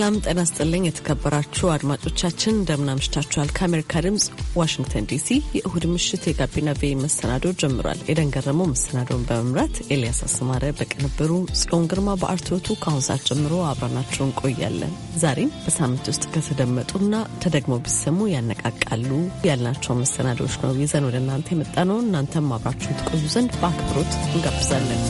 ሰላም ጤና ስጥልኝ። የተከበራችሁ አድማጮቻችን እንደምን አምሽታችኋል? ከአሜሪካ ድምፅ ዋሽንግተን ዲሲ የእሁድ ምሽት የጋቢና ቬ መሰናዶ ጀምሯል። ኤደን ገረመው መሰናዶውን በመምራት ኤልያስ አስማረ በቅንብሩ፣ ጽዮን ግርማ በአርትዖቱ ከአሁን ሰዓት ጀምሮ አብረናችሁ እንቆያለን። ዛሬም በሳምንት ውስጥ ከተደመጡና ተደግሞ ቢሰሙ ያነቃቃሉ ያልናቸው መሰናዶዎች ነው ይዘን ወደ እናንተ ነው። እናንተም አብራችሁን ትቆዩ ዘንድ በአክብሮት እንጋብዛለን።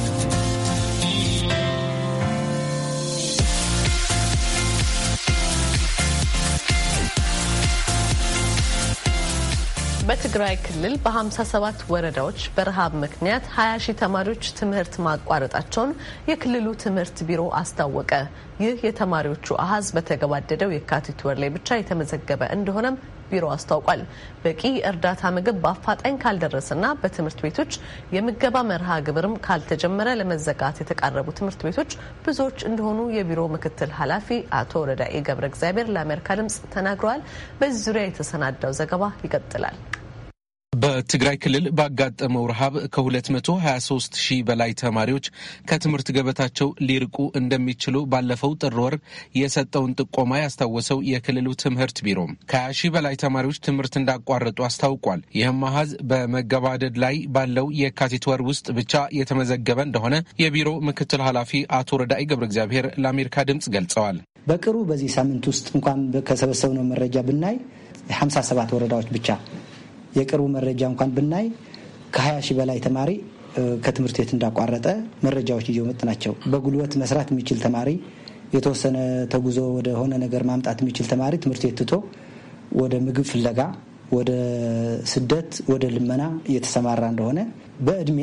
በትግራይ ክልል በ57 ወረዳዎች በረሃብ ምክንያት 20 ሺህ ተማሪዎች ትምህርት ማቋረጣቸውን የክልሉ ትምህርት ቢሮ አስታወቀ። ይህ የተማሪዎቹ አሀዝ በተገባደደው የካቲት ወር ላይ ብቻ የተመዘገበ እንደሆነም ቢሮ አስታውቋል። በቂ እርዳታ ምግብ በአፋጣኝ ካልደረሰና በትምህርት ቤቶች የምገባ መርሃ ግብርም ካልተጀመረ ለመዘጋት የተቃረቡ ትምህርት ቤቶች ብዙዎች እንደሆኑ የቢሮ ምክትል ኃላፊ አቶ ረዳኤ ገብረ እግዚአብሔር ለአሜሪካ ድምጽ ተናግረዋል። በዚህ ዙሪያ የተሰናዳው ዘገባ ይቀጥላል። በትግራይ ክልል ባጋጠመው ረሃብ ከ223 ሺህ በላይ ተማሪዎች ከትምህርት ገበታቸው ሊርቁ እንደሚችሉ ባለፈው ጥር ወር የሰጠውን ጥቆማ ያስታወሰው የክልሉ ትምህርት ቢሮ ከ20 ሺህ በላይ ተማሪዎች ትምህርት እንዳቋረጡ አስታውቋል። ይህም አሃዝ በመገባደድ ላይ ባለው የካቲት ወር ውስጥ ብቻ የተመዘገበ እንደሆነ የቢሮ ምክትል ኃላፊ አቶ ረዳኢ ገብረ እግዚአብሔር ለአሜሪካ ድምፅ ገልጸዋል። በቅርቡ በዚህ ሳምንት ውስጥ እንኳን ከሰበሰብነው መረጃ ብናይ 57 ወረዳዎች ብቻ የቅርቡ መረጃ እንኳን ብናይ ከ20 ሺህ በላይ ተማሪ ከትምህርት ቤት እንዳቋረጠ መረጃዎች እየመጡ ናቸው። በጉልበት መስራት የሚችል ተማሪ፣ የተወሰነ ተጉዞ ወደሆነ ነገር ማምጣት የሚችል ተማሪ ትምህርት ቤት ትቶ ወደ ምግብ ፍለጋ፣ ወደ ስደት፣ ወደ ልመና እየተሰማራ እንደሆነ በእድሜ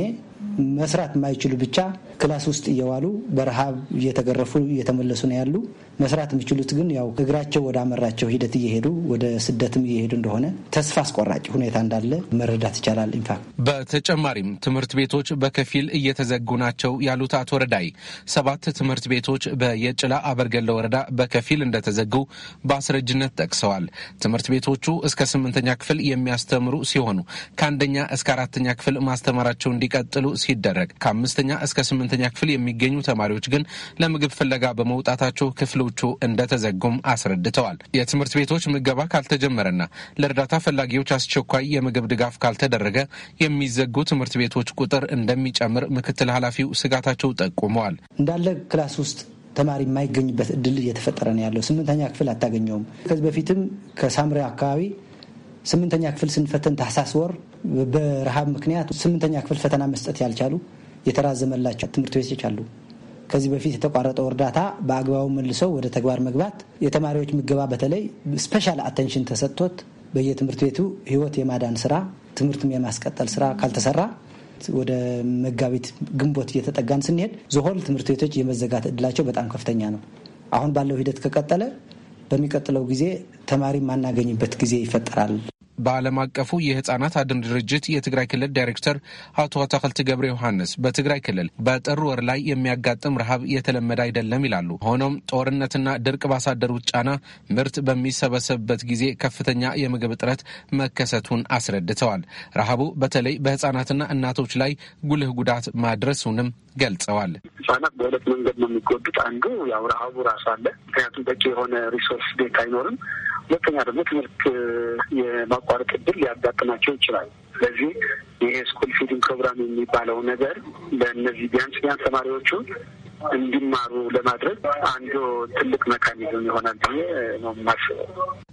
መስራት የማይችሉ ብቻ ክላስ ውስጥ እየዋሉ በረሃብ እየተገረፉ እየተመለሱ ነው ያሉ። መስራት የሚችሉት ግን ያው እግራቸው ወደ አመራቸው ሂደት እየሄዱ ወደ ስደትም እየሄዱ እንደሆነ ተስፋ አስቆራጭ ሁኔታ እንዳለ መረዳት ይቻላል። ኢንፋክት በተጨማሪም ትምህርት ቤቶች በከፊል እየተዘጉ ናቸው ያሉት አቶ ረዳይ ሰባት ትምህርት ቤቶች በየጭላ አበርገለ ወረዳ በከፊል እንደተዘጉ በአስረጅነት ጠቅሰዋል። ትምህርት ቤቶቹ እስከ ስምንተኛ ክፍል የሚያስተምሩ ሲሆኑ ከአንደኛ እስከ አራተኛ ክፍል ማስተማራቸው እንዲቀጥሉ ሲደረግ ከአምስተኛ እስከ ስምንተኛ ክፍል የሚገኙ ተማሪዎች ግን ለምግብ ፍለጋ በመውጣታቸው ክፍሎቹ እንደተዘጉም አስረድተዋል። የትምህርት ቤቶች ምገባ ካልተጀመረና ለእርዳታ ፈላጊዎች አስቸኳይ የምግብ ድጋፍ ካልተደረገ የሚዘጉ ትምህርት ቤቶች ቁጥር እንደሚጨምር ምክትል ኃላፊው ስጋታቸው ጠቁመዋል። እንዳለ ክላስ ውስጥ ተማሪ የማይገኝበት እድል እየተፈጠረ ነው ያለው። ስምንተኛ ክፍል አታገኘውም። ከዚህ በፊትም ከሳምሪ አካባቢ ስምንተኛ ክፍል ስንፈተን ታህሳስ ወር በረሃብ ምክንያት ስምንተኛ ክፍል ፈተና መስጠት ያልቻሉ የተራዘመላቸው ትምህርት ቤቶች አሉ። ከዚህ በፊት የተቋረጠው እርዳታ በአግባቡ መልሰው ወደ ተግባር መግባት፣ የተማሪዎች ምገባ በተለይ ስፔሻል አቴንሽን ተሰጥቶት በየትምህርት ቤቱ ህይወት የማዳን ስራ፣ ትምህርትም የማስቀጠል ስራ ካልተሰራ ወደ መጋቢት ግንቦት እየተጠጋን ስንሄድ ዞሆል ትምህርት ቤቶች የመዘጋት እድላቸው በጣም ከፍተኛ ነው። አሁን ባለው ሂደት ከቀጠለ በሚቀጥለው ጊዜ ተማሪ ማናገኝበት ጊዜ ይፈጠራል። በዓለም አቀፉ የህጻናት አድን ድርጅት የትግራይ ክልል ዳይሬክተር አቶ አታክልት ገብረ ዮሐንስ በትግራይ ክልል በጥር ወር ላይ የሚያጋጥም ረሃብ የተለመደ አይደለም ይላሉ። ሆኖም ጦርነትና ድርቅ ባሳደሩት ጫና ምርት በሚሰበሰብበት ጊዜ ከፍተኛ የምግብ እጥረት መከሰቱን አስረድተዋል። ረሃቡ በተለይ በህጻናትና እናቶች ላይ ጉልህ ጉዳት ማድረሱንም ገልጸዋል። ህጻናት በሁለት መንገድ ነው የሚጎዱት። አንዱ ያው ረሃቡ ራሱ አለ። ምክንያቱም በቂ የሆነ ሪሶርስ ቤት አይኖርም። ሁለተኛ ደግሞ ትምህርት የማቋረጥ እድል ሊያጋጥማቸው ይችላል። ስለዚህ ይሄ ስኩል ፊዲንግ ፕሮግራም የሚባለው ነገር ለእነዚህ ቢያንስ ቢያንስ ተማሪዎቹ እንዲማሩ ለማድረግ አንዱ ትልቅ መካኒዝም ይሆናል ብዬ ነው የማስበው።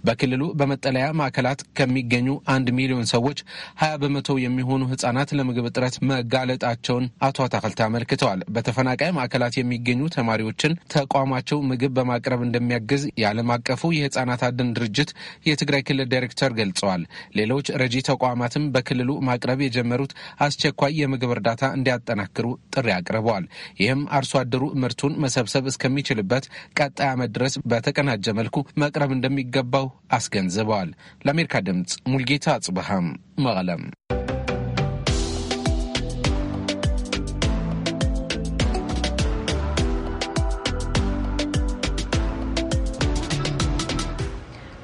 በክልሉ በመጠለያ ማዕከላት ከሚገኙ አንድ ሚሊዮን ሰዎች ሀያ በመቶ የሚሆኑ ህጻናት ለምግብ እጥረት መጋለጣቸውን አቶ አታክልት አመልክተዋል። በተፈናቃይ ማዕከላት የሚገኙ ተማሪዎችን ተቋማቸው ምግብ በማቅረብ እንደሚያግዝ የዓለም አቀፉ የህጻናት አድን ድርጅት የትግራይ ክልል ዳይሬክተር ገልጸዋል። ሌሎች ረጂ ተቋማትም በክልሉ ማቅረብ የጀመሩት አስቸኳይ የምግብ እርዳታ እንዲያጠናክሩ ጥሪ አቅርበዋል። ይህም አርሶ አደሩ አርሶአደሩ ምርቱን መሰብሰብ እስከሚችልበት ቀጣይ ዓመት ድረስ በተቀናጀ መልኩ መቅረብ እንደሚገባው አስገንዝበዋል። ለአሜሪካ ድምፅ ሙልጌታ አጽብሃም መቀለም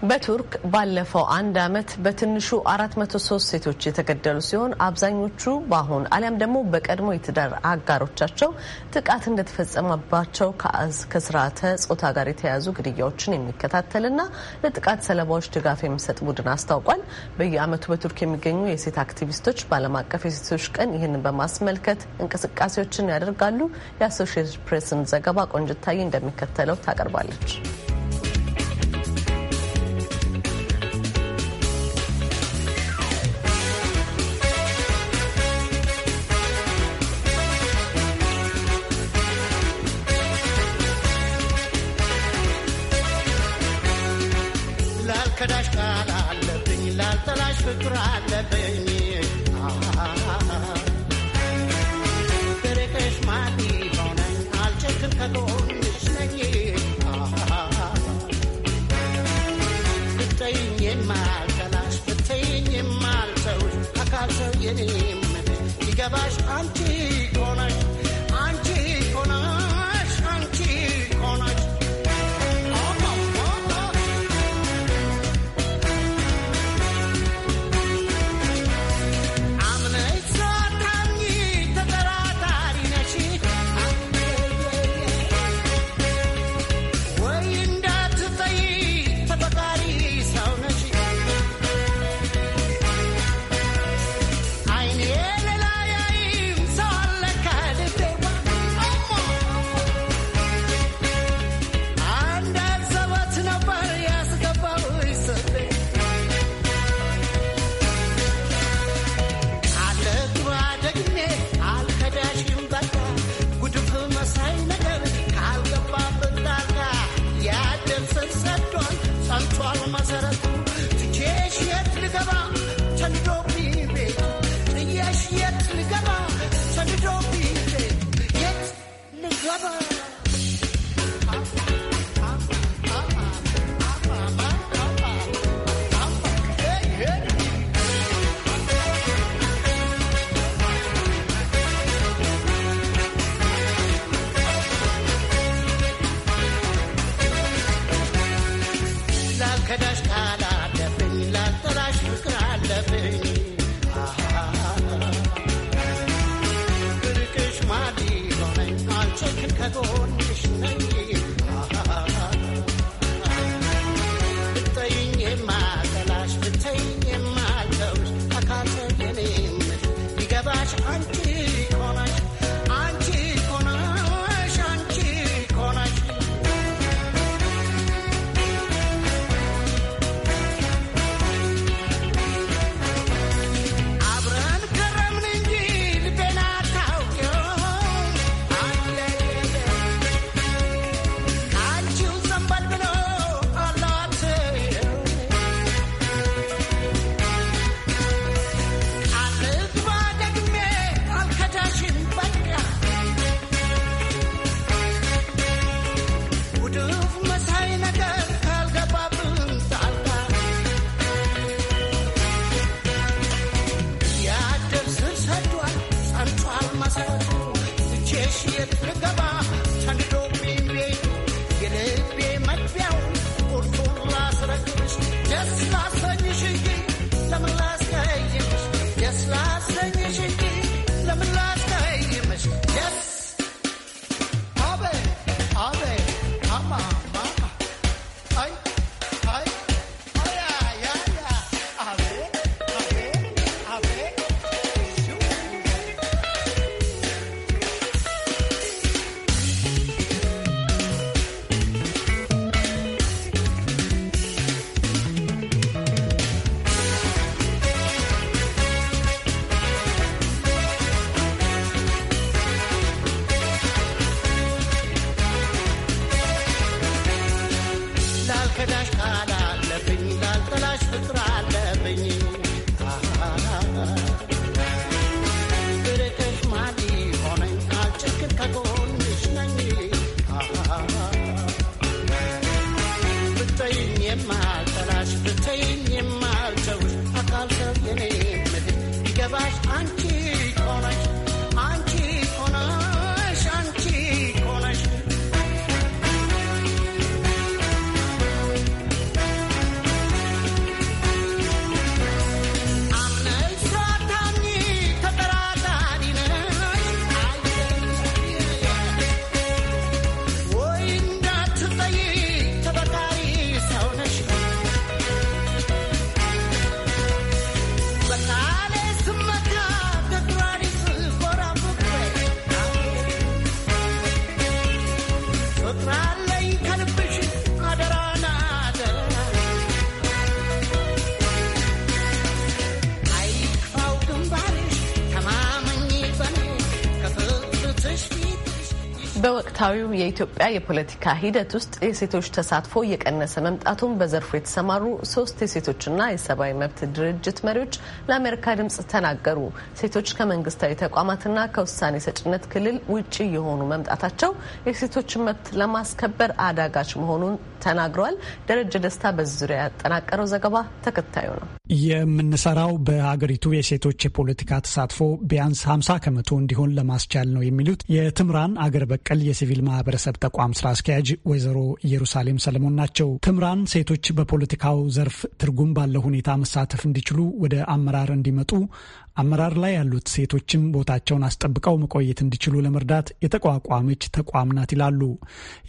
በቱርክ ባለፈው አንድ ዓመት በትንሹ 403 ሴቶች የተገደሉ ሲሆን አብዛኞቹ በአሁን አሊያም ደግሞ በቀድሞ የትዳር አጋሮቻቸው ጥቃት እንደተፈጸመባቸው ከስርዓተ ጾታ ጋር የተያያዙ ግድያዎችን የሚከታተልና ለጥቃት ሰለባዎች ድጋፍ የሚሰጥ ቡድን አስታውቋል። በየዓመቱ በቱርክ የሚገኙ የሴት አክቲቪስቶች በዓለም አቀፍ የሴቶች ቀን ይህንን በማስመልከት እንቅስቃሴዎችን ያደርጋሉ። የአሶሽየትድ ፕሬስን ዘገባ ቆንጅታዬ እንደሚከተለው ታቀርባለች። to ወቅታዊው የኢትዮጵያ የፖለቲካ ሂደት ውስጥ የሴቶች ተሳትፎ እየቀነሰ መምጣቱን በዘርፉ የተሰማሩ ሶስት የሴቶችና የሰብአዊ መብት ድርጅት መሪዎች ለአሜሪካ ድምጽ ተናገሩ። ሴቶች ከመንግስታዊ ተቋማትና ከውሳኔ ሰጭነት ክልል ውጪ የሆኑ መምጣታቸው የሴቶችን መብት ለማስከበር አዳጋች መሆኑን ተናግረዋል። ደረጀ ደስታ በዙሪያ ያጠናቀረው ዘገባ ተከታዩ ነው። የምንሰራው በሀገሪቱ የሴቶች የፖለቲካ ተሳትፎ ቢያንስ 50 ከመቶ እንዲሆን ለማስቻል ነው የሚሉት የትምራን አገር በቀል የሲቪል ማህበረሰብ ተቋም ስራ አስኪያጅ ወይዘሮ ኢየሩሳሌም ሰለሞን ናቸው። ትምራን ሴቶች በፖለቲካው ዘርፍ ትርጉም ባለው ሁኔታ መሳተፍ እንዲችሉ ወደ አመራር እንዲመጡ አመራር ላይ ያሉት ሴቶችም ቦታቸውን አስጠብቀው መቆየት እንዲችሉ ለመርዳት የተቋቋመች ተቋም ናት ይላሉ።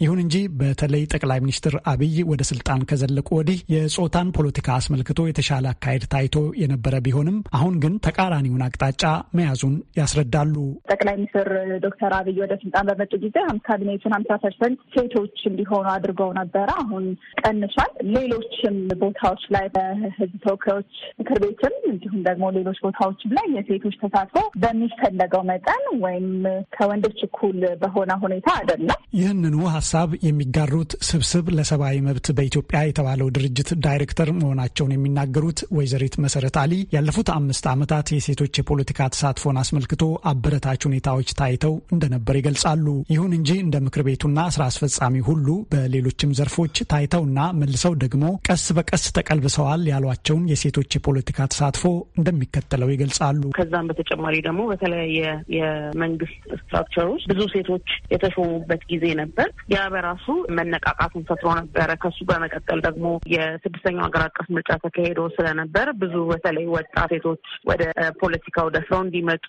ይሁን እንጂ በተለይ ጠቅላይ ሚኒስትር አብይ ወደ ስልጣን ከዘለቁ ወዲህ የጾታን ፖለቲካ አስመልክቶ የተሻለ አካሄድ ታይቶ የነበረ ቢሆንም አሁን ግን ተቃራኒውን አቅጣጫ መያዙን ያስረዳሉ። ጠቅላይ ሚኒስትር ዶክተር አብይ ወደ ስልጣን በመጡ ጊዜ ካቢኔቱን ሀምሳ ፐርሰንት ሴቶች እንዲሆኑ አድርገው ነበረ። አሁን ቀንሷል። ሌሎችም ቦታዎች ላይ በህዝብ ተወካዮች ምክር ቤትም እንዲሁም ደግሞ ሌሎች ቦታዎች ላይ ላይ የሴቶች ተሳትፎ በሚፈለገው መጠን ወይም ከወንዶች እኩል በሆነ ሁኔታ አይደለም። ይህንኑ ሀሳብ የሚጋሩት ስብስብ ለሰብአዊ መብት በኢትዮጵያ የተባለው ድርጅት ዳይሬክተር መሆናቸውን የሚናገሩት ወይዘሪት መሰረት አሊ ያለፉት አምስት ዓመታት የሴቶች የፖለቲካ ተሳትፎን አስመልክቶ አበረታች ሁኔታዎች ታይተው እንደነበር ይገልጻሉ። ይሁን እንጂ እንደ ምክር ቤቱና ስራ አስፈጻሚ ሁሉ በሌሎችም ዘርፎች ታይተውና መልሰው ደግሞ ቀስ በቀስ ተቀልብሰዋል ያሏቸውን የሴቶች የፖለቲካ ተሳትፎ እንደሚከተለው ይገልጻሉ። አሉ። ከዛም በተጨማሪ ደግሞ በተለያየ የመንግስት ስትራክቸር ብዙ ሴቶች የተሾሙበት ጊዜ ነበር። ያ በራሱ መነቃቃትን ፈጥሮ ነበረ። ከሱ በመቀጠል ደግሞ የስድስተኛው ሀገር አቀፍ ምርጫ ተካሄዶ ስለነበር ብዙ በተለይ ወጣት ሴቶች ወደ ፖለቲካው ደፍረው እንዲመጡ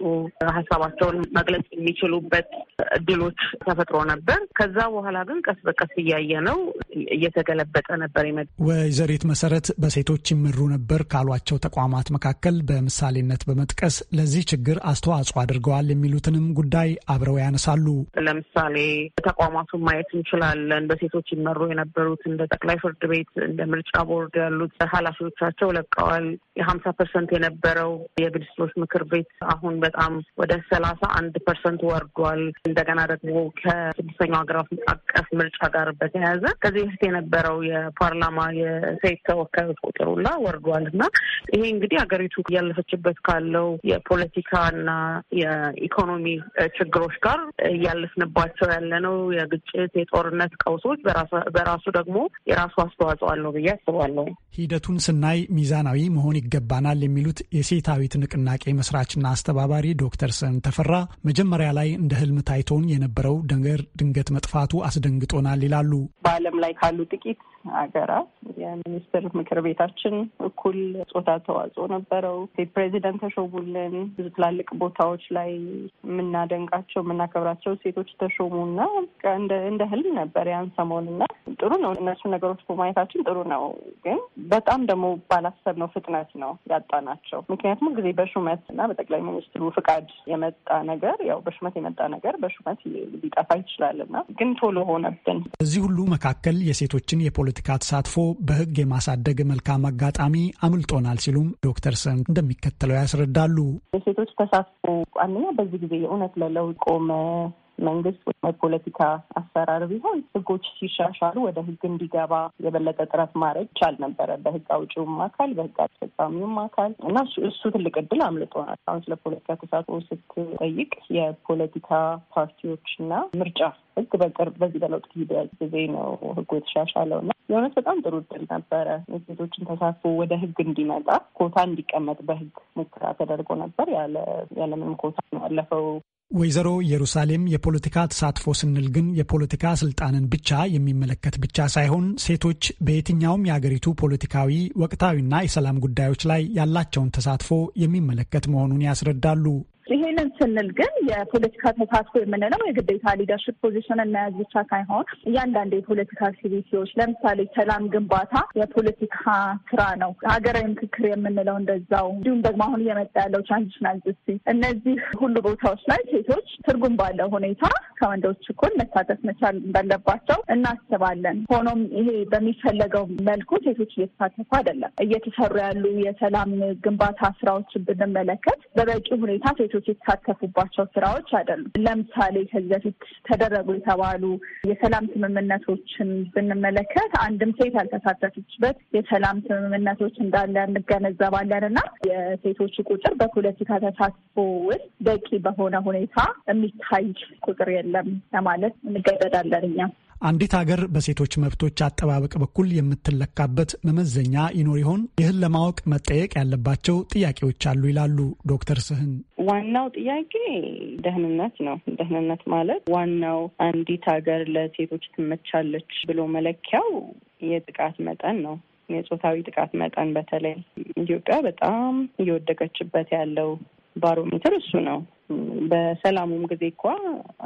ሀሳባቸውን መግለጽ የሚችሉበት እድሎች ተፈጥሮ ነበር። ከዛ በኋላ ግን ቀስ በቀስ እያየ ነው እየተገለበጠ ነበር። ይመ ወይዘሪት መሰረት በሴቶች ይመሩ ነበር ካሏቸው ተቋማት መካከል በምሳሌነት በመ በመጥቀስ ለዚህ ችግር አስተዋጽኦ አድርገዋል የሚሉትንም ጉዳይ አብረው ያነሳሉ። ለምሳሌ ተቋማቱን ማየት እንችላለን። በሴቶች ይመሩ የነበሩት እንደ ጠቅላይ ፍርድ ቤት፣ እንደ ምርጫ ቦርድ ያሉት ኃላፊዎቻቸው ለቀዋል። የሀምሳ ፐርሰንት የነበረው የሚኒስትሮች ምክር ቤት አሁን በጣም ወደ ሰላሳ አንድ ፐርሰንት ወርዷል። እንደገና ደግሞ ከስድስተኛው ሀገር አቀፍ ምርጫ ጋር በተያያዘ ከዚህ በፊት የነበረው የፓርላማ የሴት ተወካዮች ቁጥሩላ ወርዷል እና ይሄ እንግዲህ ሀገሪቱ ያለፈችበት ካለ ካለው የፖለቲካና የኢኮኖሚ ችግሮች ጋር እያለፍንባቸው ያለነው የግጭት የጦርነት ቀውሶች በራሱ ደግሞ የራሱ አስተዋጽኦ አለው ብዬ አስባለሁ። ሂደቱን ስናይ ሚዛናዊ መሆን ይገባናል የሚሉት የሴታዊት ንቅናቄ መስራችና አስተባባሪ ዶክተር ስን ተፈራ መጀመሪያ ላይ እንደ ህልም ታይቶን የነበረው ነገር ድንገት መጥፋቱ አስደንግጦናል ይላሉ። በዓለም ላይ ካሉ ጥቂት ሀገራት የሚኒስትር ምክር ቤታችን እኩል ጾታ ተዋጽኦ ነበረው። ፕሬዚደንት ተሾ ተሾሙልን። ብዙ ትላልቅ ቦታዎች ላይ የምናደንቃቸው የምናከብራቸው ሴቶች ተሾሙ እንደ ህልም ነበር ያን ሰሞን እና ጥሩ ነው። እነሱ ነገሮች በማየታችን ጥሩ ነው። ግን በጣም ደግሞ ባላሰብነው ፍጥነት ነው ያጣናቸው። ምክንያቱም ጊዜ በሹመት እና በጠቅላይ ሚኒስትሩ ፍቃድ የመጣ ነገር ያው በሹመት የመጣ ነገር በሹመት ሊጠፋ ይችላል እና ግን ቶሎ ሆነብን። በዚህ ሁሉ መካከል የሴቶችን የፖለቲካ ተሳትፎ በህግ የማሳደግ መልካም አጋጣሚ አምልጦናል ሲሉም ዶክተር ሰን እንደሚከተለው ያስረዳል። ይረዳሉ። የሴቶች ተሳትፎ አንደኛ በዚህ ጊዜ የእውነት ለለውጥ ቆመ መንግስት የፖለቲካ አሰራር ቢሆን ህጎች ሲሻሻሉ ወደ ህግ እንዲገባ የበለጠ ጥረት ማድረግ ይቻል ነበረ በህግ አውጪውም አካል በህግ አስፈጻሚውም አካል እና እሱ ትልቅ እድል አምልጦናል። አሁን ስለ ፖለቲካ ተሳትፎ ስትጠይቅ የፖለቲካ ፓርቲዎችና ምርጫ ህግ በቅርብ በዚህ በለውጥ ጊዜ ነው ህጉ የተሻሻለው እና የእውነት በጣም ጥሩ እድል ነበረ። የሴቶችን ተሳትፎ ወደ ህግ እንዲመጣ ኮታ እንዲቀመጥ በህግ ሙከራ ተደርጎ ነበር። ያለምንም ኮታ ነው ያለፈው ወይዘሮ ኢየሩሳሌም የፖለቲካ ተሳትፎ ስንል ግን የፖለቲካ ስልጣንን ብቻ የሚመለከት ብቻ ሳይሆን ሴቶች በየትኛውም የአገሪቱ ፖለቲካዊ፣ ወቅታዊና የሰላም ጉዳዮች ላይ ያላቸውን ተሳትፎ የሚመለከት መሆኑን ያስረዳሉ። ይሄንን ስንል ግን የፖለቲካ ተሳትፎ የምንለው የግዴታ ሊደርሽፕ ፖዚሽንን መያዝ ብቻ ሳይሆን እያንዳንዱ የፖለቲካ አክቲቪቲዎች ለምሳሌ ሰላም ግንባታ የፖለቲካ ስራ ነው። ሀገራዊ ምክክር የምንለው እንደዛው፣ እንዲሁም ደግሞ አሁን እየመጣ ያለው ትራንዚሽናል ጀስቲስ፣ እነዚህ ሁሉ ቦታዎች ላይ ሴቶች ትርጉም ባለው ሁኔታ ከወንዶች እኩል መሳተፍ መቻል እንዳለባቸው እናስባለን። ሆኖም ይሄ በሚፈለገው መልኩ ሴቶች እየተሳተፉ አይደለም። እየተሰሩ ያሉ የሰላም ግንባታ ስራዎች ብንመለከት በበቂ ሁኔታ ሴቶች ሴቶች የተሳተፉባቸው ስራዎች አይደሉም። ለምሳሌ ከዚህ በፊት ተደረጉ የተባሉ የሰላም ስምምነቶችን ብንመለከት አንድም ሴት ያልተሳተፈችበት የሰላም ስምምነቶች እንዳለ እንገነዘባለን እና የሴቶች ቁጥር በፖለቲካ ተሳትፎ ውስጥ በቂ በሆነ ሁኔታ የሚታይ ቁጥር የለም ለማለት እንገደዳለን እኛ። አንዲት ሀገር በሴቶች መብቶች አጠባበቅ በኩል የምትለካበት መመዘኛ ይኖር ይሆን? ይህን ለማወቅ መጠየቅ ያለባቸው ጥያቄዎች አሉ ይላሉ ዶክተር ስህን። ዋናው ጥያቄ ደህንነት ነው። ደህንነት ማለት ዋናው አንዲት ሀገር ለሴቶች ትመቻለች ብሎ መለኪያው የጥቃት መጠን ነው። የጾታዊ ጥቃት መጠን በተለይ ኢትዮጵያ በጣም እየወደቀችበት ያለው ባሮሜትር እሱ ነው። በሰላሙም ጊዜ እኳ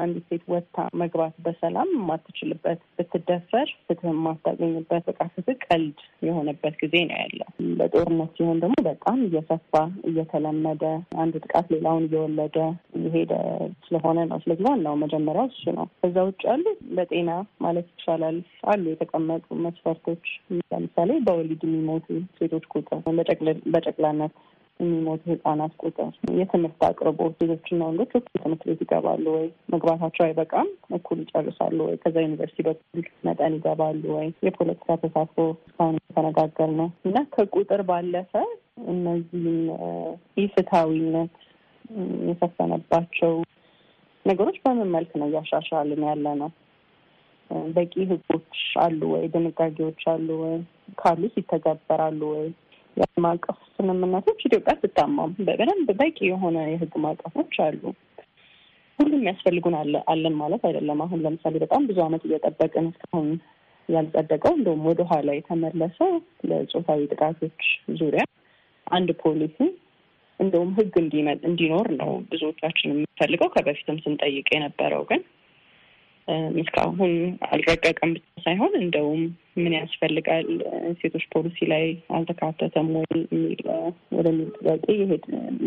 አንዲት ሴት ወጥታ መግባት በሰላም የማትችልበት ብትደፈር ፍትህ የማታገኝበት በቃ ፍትህ ቀልድ የሆነበት ጊዜ ነው ያለው። በጦርነት ሲሆን ደግሞ በጣም እየሰፋ እየተለመደ አንድ ጥቃት ሌላውን እየወለደ እየሄደ ስለሆነ ነው። ስለዚህ ዋናው መጀመሪያው እሱ ነው። ከዛ ውጭ ያሉ በጤና ማለት ይቻላል አሉ የተቀመጡ መስፈርቶች። ለምሳሌ በወሊድ የሚሞቱ ሴቶች ቁጥር በጨቅላነት የሚሞቱ ህጻናት ቁጥር፣ የትምህርት አቅርቦት፣ ሴቶችና ወንዶች እኩል ትምህርት ቤት ይገባሉ ወይ? መግባታቸው አይበቃም፣ እኩል ይጨርሳሉ ወይ? ከዛ ዩኒቨርሲቲ በኩል መጠን ይገባሉ ወይ? የፖለቲካ ተሳትፎ እስካሁን የተነጋገር ነው እና ከቁጥር ባለፈ እነዚህም ኢፍትሐዊነት የሰፈነባቸው ነገሮች በምን መልክ ነው እያሻሻልን ያለ ነው? በቂ ህጎች አሉ ወይ? ድንጋጌዎች አሉ ወይ? ካሉስ ይተገበራሉ ወይ? የህግ አቀፍ ስምምነቶች ኢትዮጵያ ስታማም በደንብ በቂ የሆነ የህግ ማዕቀፎች አሉ። ሁሉም የሚያስፈልጉን አለን ማለት አይደለም። አሁን ለምሳሌ በጣም ብዙ ዓመት እየጠበቅን እስካሁን ያልጸደቀው እንደውም ወደኋላ የተመለሰ ለጾታዊ ጥቃቶች ዙሪያ አንድ ፖሊሲ እንደውም ህግ እንዲኖር ነው ብዙዎቻችን የምንፈልገው ከበፊትም ስንጠይቅ የነበረው ግን እስካሁን አልረቀቀም ብቻ ሳይሆን እንደውም ምን ያስፈልጋል፣ ሴቶች ፖሊሲ ላይ አልተካተተም ወይ የሚል ወደሚል ጥያቄ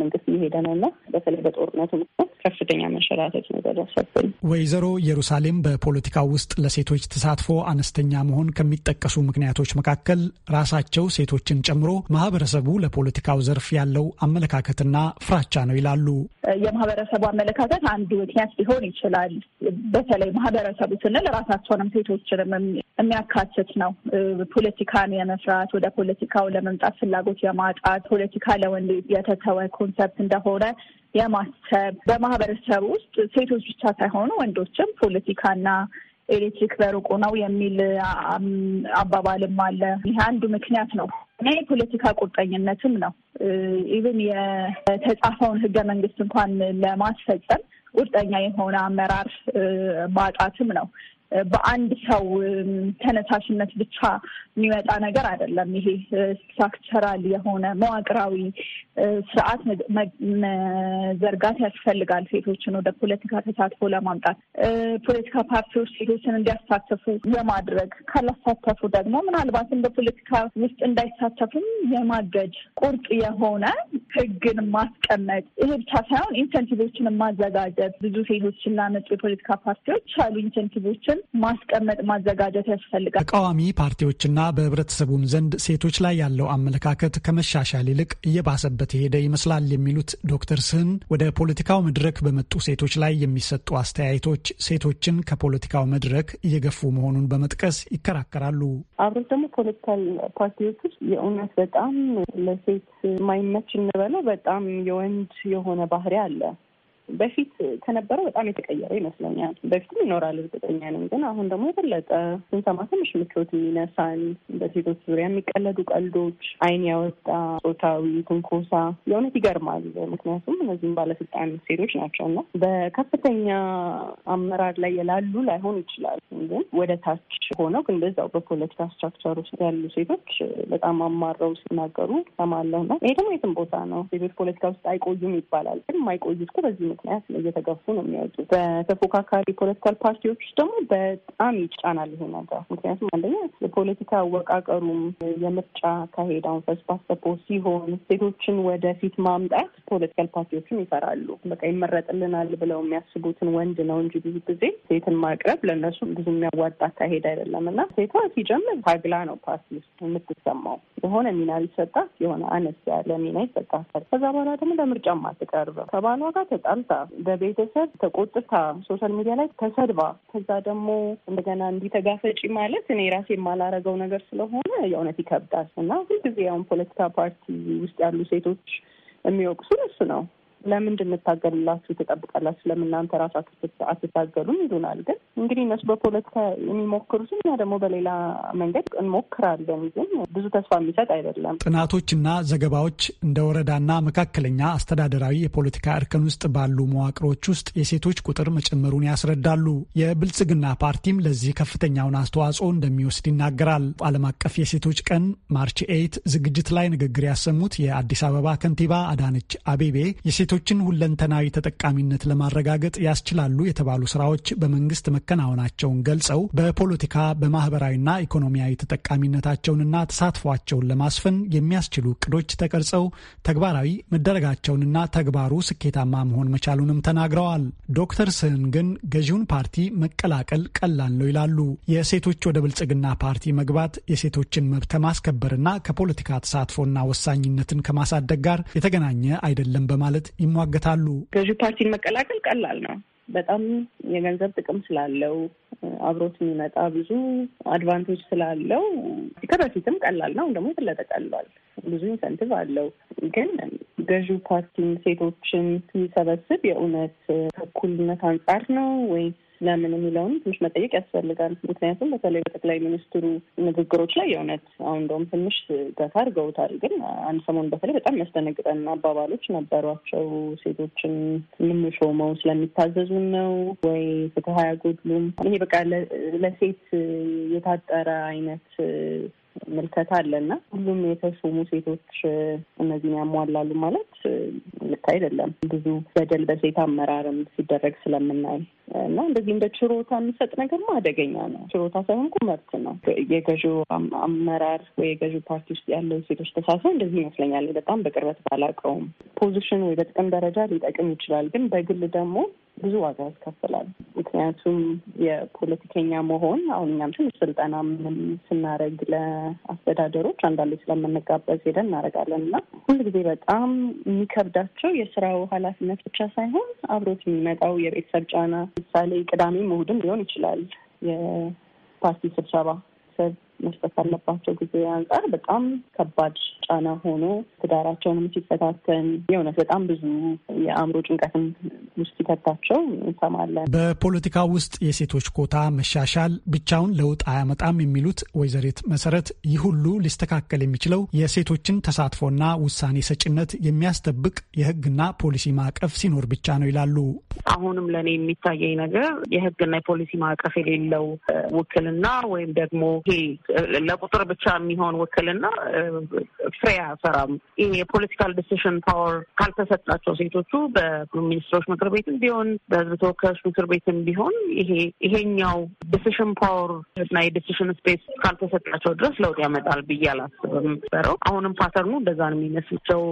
መንግስት እየሄደ ነው እና በተለይ በጦርነቱ ምክንያት ከፍተኛ መሸራተት ነው ደረሰብን። ወይዘሮ ኢየሩሳሌም በፖለቲካ ውስጥ ለሴቶች ተሳትፎ አነስተኛ መሆን ከሚጠቀሱ ምክንያቶች መካከል ራሳቸው ሴቶችን ጨምሮ ማህበረሰቡ ለፖለቲካው ዘርፍ ያለው አመለካከትና ፍራቻ ነው ይላሉ። የማህበረሰቡ አመለካከት አንዱ ምክንያት ሊሆን ይችላል። በተለይ ማህበረሰቡ ስንል ራሳቸውንም ሴቶችንም የሚያካትት ነው። ፖለቲካን የመስራት ወደ ፖለቲካው ለመምጣት ፍላጎት የማጣት ፖለቲካ ለወንድ የተተወ ኮንሰፕት እንደሆነ የማሰብ በማህበረሰብ ውስጥ ሴቶች ብቻ ሳይሆኑ ወንዶችም ፖለቲካና ኤሌክትሪክ በሩቁ ነው የሚል አባባልም አለ። ይህ አንዱ ምክንያት ነው እና የፖለቲካ ቁርጠኝነትም ነው። ኢቭን የተጻፈውን ህገ መንግስት እንኳን ለማስፈጸም ቁርጠኛ የሆነ አመራር ማጣትም ነው። በአንድ ሰው ተነሳሽነት ብቻ የሚመጣ ነገር አይደለም። ይሄ ስትራክቸራል የሆነ መዋቅራዊ ስርዓት መዘርጋት ያስፈልጋል። ሴቶችን ወደ ፖለቲካ ተሳትፎ ለማምጣት ፖለቲካ ፓርቲዎች ሴቶችን እንዲያሳተፉ የማድረግ ካላሳተፉ ደግሞ ምናልባትም በፖለቲካ ውስጥ እንዳይሳተፉም የማገድ ቁርጥ የሆነ ህግን ማስቀመጥ ይሄ ብቻ ሳይሆን ኢንሴንቲቮችን ማዘጋጀት ብዙ ሴቶችን ላመጡ የፖለቲካ ፓርቲዎች አሉ ኢንሴንቲቮችን አቅርበን ማስቀመጥ ማዘጋጀት ያስፈልጋል። ተቃዋሚ ፓርቲዎችና በህብረተሰቡም ዘንድ ሴቶች ላይ ያለው አመለካከት ከመሻሻል ይልቅ እየባሰበት የሄደ ይመስላል የሚሉት ዶክተር ስህን ወደ ፖለቲካው መድረክ በመጡ ሴቶች ላይ የሚሰጡ አስተያየቶች ሴቶችን ከፖለቲካው መድረክ እየገፉ መሆኑን በመጥቀስ ይከራከራሉ። አብረት ደግሞ ፖለቲካል ፓርቲዎች ውስጥ የእውነት በጣም ለሴት ማይመች እንበለው በጣም የወንድ የሆነ ባህሪ አለ በፊት ከነበረው በጣም የተቀየረ ይመስለኛል። በፊትም ይኖራል እርግጠኛ ነኝ፣ ግን አሁን ደግሞ የበለጠ ስንሰማ ትንሽ ምቾት የሚነሳን በሴቶች ዙሪያ የሚቀለዱ ቀልዶች፣ አይን ያወጣ ጾታዊ ትንኮሳ የእውነት ይገርማል። ምክንያቱም እነዚህም ባለስልጣን ሴቶች ናቸው እና በከፍተኛ አመራር ላይ የላሉ ላይሆን ይችላል፣ ግን ወደ ታች ሆነው ግን በዛው በፖለቲካ ስትራክቸር ውስጥ ያሉ ሴቶች በጣም አማረው ሲናገሩ ሰማለሁ ነው። ይሄ ደግሞ የትም ቦታ ነው። ሴቶች ፖለቲካ ውስጥ አይቆዩም ይባላል፣ ግን የማይቆዩት በዚህ ምክንያት እየተገፉ ነው የሚያወጡ። በተፎካካሪ ፖለቲካል ፓርቲዎች ውስጥ ደግሞ በጣም ይጫናል ይሄ ነገር። ምክንያቱም አንደኛ የፖለቲካ አወቃቀሩም የምርጫ ካሄዳውን ፈስ ፓስተፖ ሲሆን ሴቶችን ወደፊት ማምጣት ፖለቲካል ፓርቲዎችም ይፈራሉ። በቃ ይመረጥልናል ብለው የሚያስቡትን ወንድ ነው እንጂ ብዙ ጊዜ ሴትን ማቅረብ ለእነሱ ብዙ የሚያዋጣ አካሄድ አይደለም እና ሴቷ ሲጀምር ታግላ ነው ፓርቲ ውስጥ የምትሰማው። የሆነ ሚና ሊሰጣት የሆነ አነስ ያለ ሚና ይሰጣታል። ከዛ በኋላ ደግሞ ለምርጫም አትቀርብም። ከባሏ ጋር ተጣ ተቀምጣ በቤተሰብ ተቆጥታ ሶሻል ሚዲያ ላይ ተሰድባ ከዛ ደግሞ እንደገና እንዲተጋፈጪ ማለት እኔ ራሴ የማላረገው ነገር ስለሆነ የእውነት ይከብዳል እና ሁልጊዜ ያሁን ፖለቲካ ፓርቲ ውስጥ ያሉ ሴቶች የሚወቅሱን እሱ ነው። ለምን እንድንታገልላችሁ ትጠብቃላችሁ? ለምን እናንተ ራሳችሁ አትታገሉም? ይሉናል። ግን እንግዲህ እነሱ በፖለቲካ የሚሞክሩት እኛ ደግሞ በሌላ መንገድ እንሞክራለን። ግን ብዙ ተስፋ የሚሰጥ አይደለም። ጥናቶችና ዘገባዎች እንደ ወረዳና መካከለኛ አስተዳደራዊ የፖለቲካ እርከን ውስጥ ባሉ መዋቅሮች ውስጥ የሴቶች ቁጥር መጨመሩን ያስረዳሉ። የብልጽግና ፓርቲም ለዚህ ከፍተኛውን አስተዋጽኦ እንደሚወስድ ይናገራል። ዓለም አቀፍ የሴቶች ቀን ማርች ኤይት ዝግጅት ላይ ንግግር ያሰሙት የአዲስ አበባ ከንቲባ አዳነች አቤቤ የሴቶችን ሁለንተናዊ ተጠቃሚነት ለማረጋገጥ ያስችላሉ የተባሉ ስራዎች በመንግስት መከናወናቸውን ገልጸው በፖለቲካ በማህበራዊና ኢኮኖሚያዊ ተጠቃሚነታቸውንና ተሳትፏቸውን ለማስፈን የሚያስችሉ እቅዶች ተቀርጸው ተግባራዊ መደረጋቸውንና ተግባሩ ስኬታማ መሆን መቻሉንም ተናግረዋል። ዶክተር ስህን ግን ገዢውን ፓርቲ መቀላቀል ቀላል ነው ይላሉ። የሴቶች ወደ ብልጽግና ፓርቲ መግባት የሴቶችን መብት ከማስከበርና ከፖለቲካ ተሳትፎና ወሳኝነትን ከማሳደግ ጋር የተገናኘ አይደለም በማለት ይሟገታሉ። ገዢ ፓርቲን መቀላቀል ቀላል ነው። በጣም የገንዘብ ጥቅም ስላለው አብሮት የሚመጣ ብዙ አድቫንቴጅ ስላለው ከበፊትም ቀላል ነው። ደግሞ የበለጠ ቀሏል። ብዙ ኢንሰንቲቭ አለው። ግን ገዢው ፓርቲን ሴቶችን ሲሰበስብ የእውነት ከእኩልነት አንጻር ነው ወይስ ለምን የሚለውን ትንሽ መጠየቅ ያስፈልጋል። ምክንያቱም በተለይ በጠቅላይ ሚኒስትሩ ንግግሮች ላይ የእውነት አሁን እንደውም ትንሽ ገፋ አድርገውታል። ግን አንድ ሰሞን በተለይ በጣም የሚያስደነግጠን አባባሎች ነበሯቸው። ሴቶችን የምንሾመው ስለሚታዘዙን ነው ወይ ፍትሀ አያጎድሉም? ይሄ በቃ ለሴት የታጠረ አይነት ምልከታ አለና ሁሉም የተሾሙ ሴቶች እነዚህን ያሟላሉ ማለት ልክ አይደለም። ብዙ በደል በሴት አመራርም ሲደረግ ስለምናይ እና እንደዚህ እንደ ችሮታ የሚሰጥ ነገርማ አደገኛ ነው። ችሮታ ሳይሆን ኩመርት ነው። የገዢው አመራር ወይ የገዢው ፓርቲ ውስጥ ያለው ሴቶች ተሳሰብ እንደዚህ ይመስለኛል። በጣም በቅርበት ባላውቀውም ፖዚሽን ወይ በጥቅም ደረጃ ሊጠቅም ይችላል። ግን በግል ደግሞ ብዙ ዋጋ ያስከፍላል። ምክንያቱም የፖለቲከኛ መሆን አሁን እኛም ትንሽ ስልጠና ምንም ስናደርግ ለአስተዳደሮች አንዳንዴ ስለምንጋበዝ ሄደን እናደርጋለን እና ሁልጊዜ በጣም የሚከብዳቸው የስራው ኃላፊነት ብቻ ሳይሆን አብሮት የሚመጣው የቤተሰብ ጫና፣ ምሳሌ ቅዳሜ እሑድም ሊሆን ይችላል የፓርቲ ስብሰባ መስጠት ካለባቸው ጊዜ አንጻር በጣም ከባድ ጫና ሆኖ ትዳራቸውንም ሲፈታተን የእውነት በጣም ብዙ የአእምሮ ጭንቀትን ውስጥ ሲከታቸው እንሰማለን። በፖለቲካ ውስጥ የሴቶች ኮታ መሻሻል ብቻውን ለውጥ አያመጣም የሚሉት ወይዘሪት መሰረት ይህ ሁሉ ሊስተካከል የሚችለው የሴቶችን ተሳትፎና ውሳኔ ሰጭነት የሚያስጠብቅ የህግና ፖሊሲ ማዕቀፍ ሲኖር ብቻ ነው ይላሉ። አሁንም ለእኔ የሚታየኝ ነገር የህግና የፖሊሲ ማዕቀፍ የሌለው ውክልና ወይም ደግሞ ለቁጥር ብቻ የሚሆን ውክልና ፍሬ አያፈራም። የፖለቲካል ዲሲሽን ፓወር ካልተሰጣቸው ሴቶቹ በሚኒስትሮች ምክር ቤትም ቢሆን በህዝብ ተወካዮች ምክር ቤትም ቢሆን ይሄ ይሄኛው ዲሲሽን ፓወር እና የዲሲሽን ስፔስ ካልተሰጣቸው ድረስ ለውጥ ያመጣል ብዬ አላስብም። በረው አሁንም ፓተርኑ እንደዛ ነው የሚመስለው።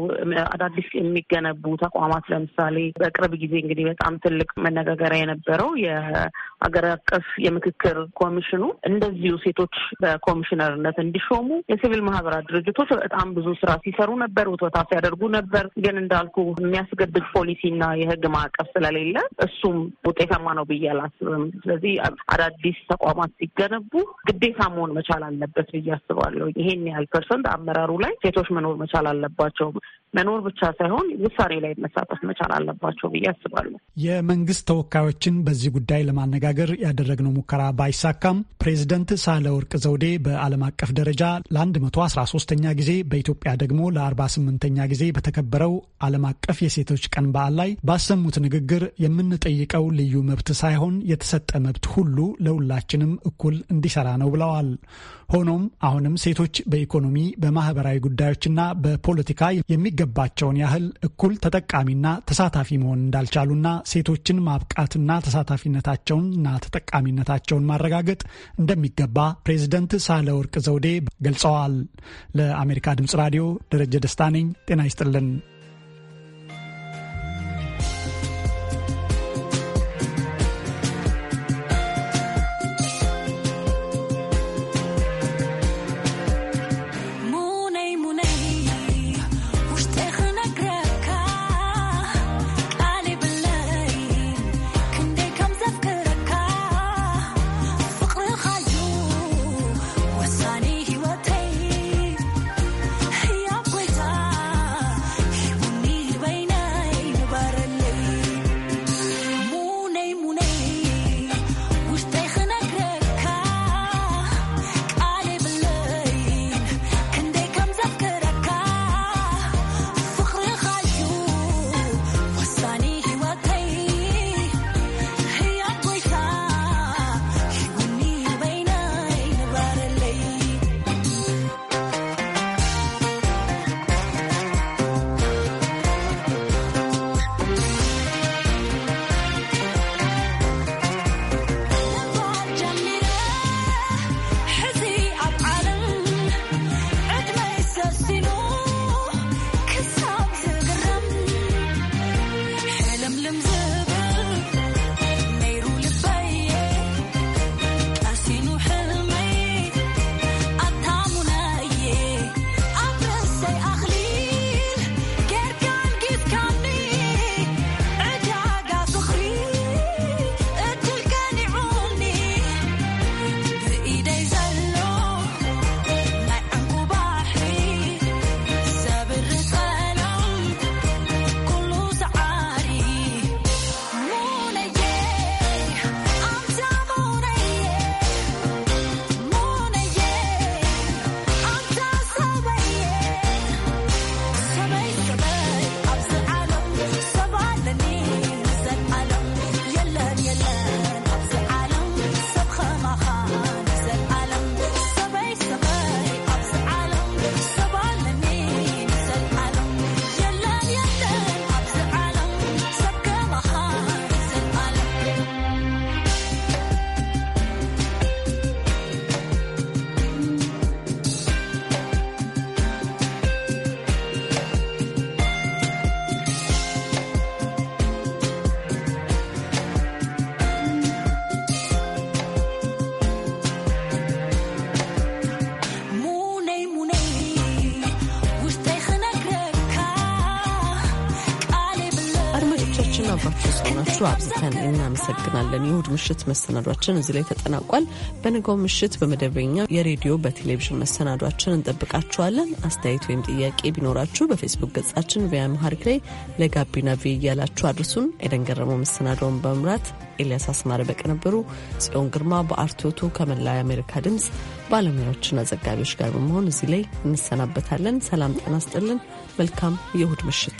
አዳዲስ የሚገነቡ ተቋማት ለምሳሌ በቅርብ ጊዜ እንግዲህ በጣም ትልቅ መነጋገሪያ የነበረው የሀገር አቀፍ የምክክር ኮሚሽኑ እንደዚሁ ሴቶች ኮሚሽነርነት እንዲሾሙ የሲቪል ማህበራት ድርጅቶች በጣም ብዙ ስራ ሲሰሩ ነበር፣ ውትወታ ሲያደርጉ ነበር። ግን እንዳልኩ የሚያስገድድ ፖሊሲና የህግ ማዕቀፍ ስለሌለ እሱም ውጤታማ ነው ብዬ አላስብም። ስለዚህ አዳዲስ ተቋማት ሲገነቡ ግዴታ መሆን መቻል አለበት ብዬ አስባለሁ። ይሄን ያህል ፐርሰንት አመራሩ ላይ ሴቶች መኖር መቻል አለባቸው። መኖር ብቻ ሳይሆን ውሳኔ ላይ መሳተፍ መቻል አለባቸው ብዬ አስባለሁ። የመንግስት ተወካዮችን በዚህ ጉዳይ ለማነጋገር ያደረግነው ሙከራ ባይሳካም ፕሬዚደንት ሳህለወርቅ ዘውዴ በዓለም አቀፍ ደረጃ ለ113ኛ ጊዜ በኢትዮጵያ ደግሞ ለ48ኛ ጊዜ በተከበረው ዓለም አቀፍ የሴቶች ቀን በዓል ላይ ባሰሙት ንግግር የምንጠይቀው ልዩ መብት ሳይሆን የተሰጠ መብት ሁሉ ለሁላችንም እኩል እንዲሰራ ነው ብለዋል። ሆኖም አሁንም ሴቶች በኢኮኖሚ በማህበራዊ ጉዳዮችና በፖለቲካ የሚ የሚገባቸውን ያህል እኩል ተጠቃሚና ተሳታፊ መሆን እንዳልቻሉና ሴቶችን ማብቃትና ተሳታፊነታቸውንና ተጠቃሚነታቸውን ማረጋገጥ እንደሚገባ ፕሬዚደንት ሳህለወርቅ ዘውዴ ገልጸዋል። ለአሜሪካ ድምጽ ራዲዮ ደረጀ ደስታ ነኝ። ጤና ይስጥልን። አዘጋጆችና አብራችሁ ስለሆናችሁ አብዝተን እናመሰግናለን። የእሁድ ምሽት መሰናዷችን እዚህ ላይ ተጠናቋል። በነገው ምሽት በመደበኛ የሬዲዮ በቴሌቪዥን መሰናዷችን እንጠብቃችኋለን። አስተያየት ወይም ጥያቄ ቢኖራችሁ በፌስቡክ ገጻችን ቪያ መሀሪክ ላይ ለጋቢና ቪ እያላችሁ አድርሱን። ኤደን ገረመው መሰናዷውን በመምራት ኤልያስ አስማረ በቅንብሩ፣ ጽዮን ግርማ በአርቶቱ ከመላ የአሜሪካ ድምፅ ባለሙያዎችና ዘጋቢዎች ጋር በመሆን እዚህ ላይ እንሰናበታለን። ሰላም ጤና ስጥልን። መልካም የእሁድ ምሽት